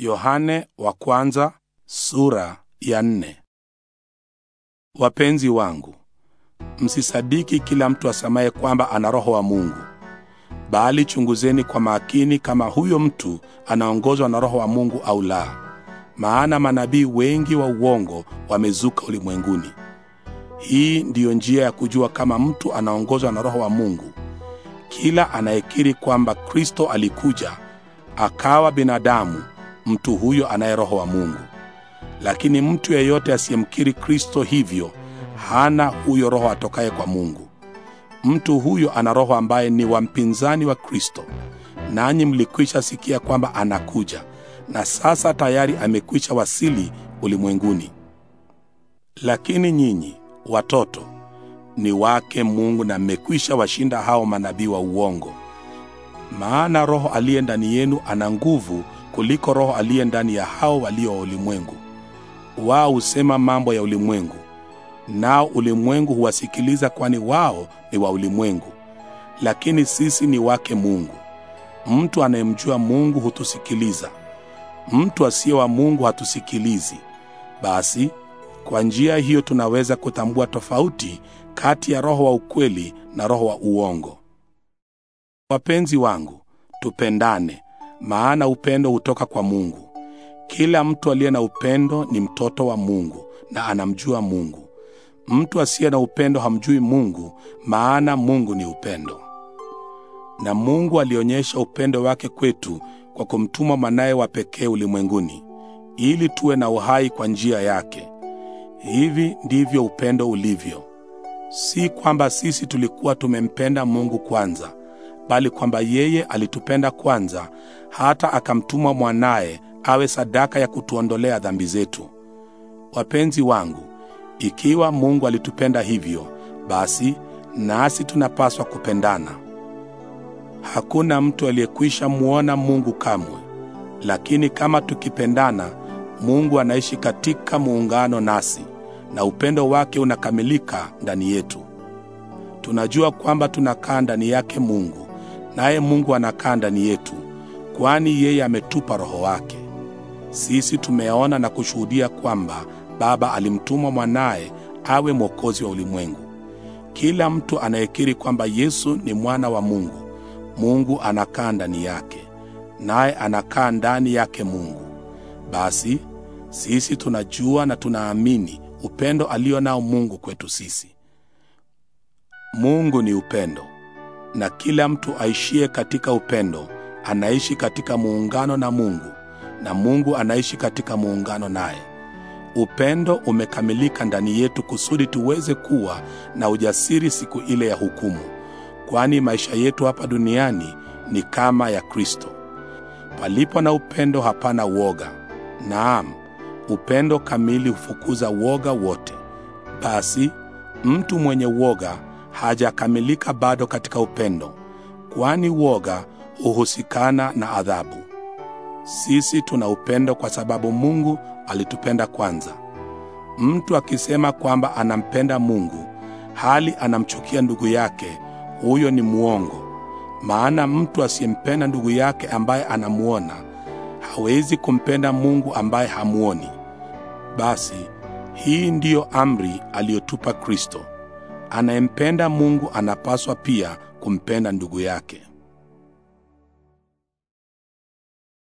Yohane wa kwanza, sura ya nne. Wapenzi wangu, msisadiki kila mtu asemaye kwamba ana roho wa Mungu, bali chunguzeni kwa makini kama huyo mtu anaongozwa na roho wa Mungu au la, maana manabii wengi wa uongo wamezuka ulimwenguni. Hii ndiyo njia ya kujua kama mtu anaongozwa na roho wa Mungu: kila anayekiri kwamba Kristo alikuja akawa binadamu mtu huyo anaye roho wa Mungu. Lakini mtu yeyote asiyemkiri Kristo hivyo hana huyo roho atokaye kwa Mungu. Mtu huyo ana roho ambaye ni wa mpinzani wa Kristo, nanyi mlikwisha sikia kwamba anakuja, na sasa tayari amekwisha wasili ulimwenguni. Lakini nyinyi watoto ni wake Mungu na mmekwisha washinda hao manabii wa uongo, maana roho aliye ndani yenu ana nguvu kuliko roho aliye ndani ya hao walio wa ulimwengu. Wao husema mambo ya ulimwengu, nao ulimwengu huwasikiliza, kwani wao ni wa ulimwengu, lakini sisi ni wake Mungu. Mtu anayemjua Mungu hutusikiliza, mtu asiye wa Mungu hatusikilizi. Basi kwa njia hiyo tunaweza kutambua tofauti kati ya roho wa ukweli na roho wa uongo. Wapenzi wangu, tupendane maana upendo hutoka kwa Mungu. Kila mtu aliye na upendo ni mtoto wa Mungu na anamjua Mungu. Mtu asiye na upendo hamjui Mungu, maana Mungu ni upendo. Na Mungu alionyesha upendo wake kwetu kwa kumtuma mwanaye wa pekee ulimwenguni, ili tuwe na uhai kwa njia yake. Hivi ndivyo upendo ulivyo. Si kwamba sisi tulikuwa tumempenda Mungu kwanza, bali kwamba yeye alitupenda kwanza, hata akamtuma mwanaye awe sadaka ya kutuondolea dhambi zetu. Wapenzi wangu, ikiwa Mungu alitupenda hivyo, basi nasi tunapaswa kupendana. Hakuna mtu aliyekwisha mwona Mungu kamwe, lakini kama tukipendana, Mungu anaishi katika muungano nasi na upendo wake unakamilika ndani yetu. Tunajua kwamba tunakaa ndani yake Mungu naye Mungu anakaa ndani yetu, kwani yeye ametupa Roho wake. Sisi tumeona na kushuhudia kwamba Baba alimtuma mwanaye awe mwokozi wa ulimwengu. Kila mtu anayekiri kwamba Yesu ni mwana wa Mungu, Mungu anakaa ndani yake, naye anakaa ndani yake Mungu. Basi sisi tunajua na tunaamini upendo alio nao Mungu kwetu sisi. Mungu ni upendo na kila mtu aishie katika upendo anaishi katika muungano na Mungu na Mungu anaishi katika muungano naye. Upendo umekamilika ndani yetu kusudi tuweze kuwa na ujasiri siku ile ya hukumu, kwani maisha yetu hapa duniani ni kama ya Kristo. Palipo na upendo hapana woga. Naam, upendo kamili hufukuza woga wote. Basi mtu mwenye woga hajakamilika bado katika upendo, kwani woga huhusikana na adhabu. Sisi tuna upendo kwa sababu Mungu alitupenda kwanza. Mtu akisema kwamba anampenda Mungu hali anamchukia ndugu yake, huyo ni mwongo. Maana mtu asiyempenda ndugu yake ambaye anamuona hawezi kumpenda Mungu ambaye hamuoni. Basi hii ndiyo amri aliyotupa Kristo. Anayempenda Mungu anapaswa pia kumpenda ndugu yake.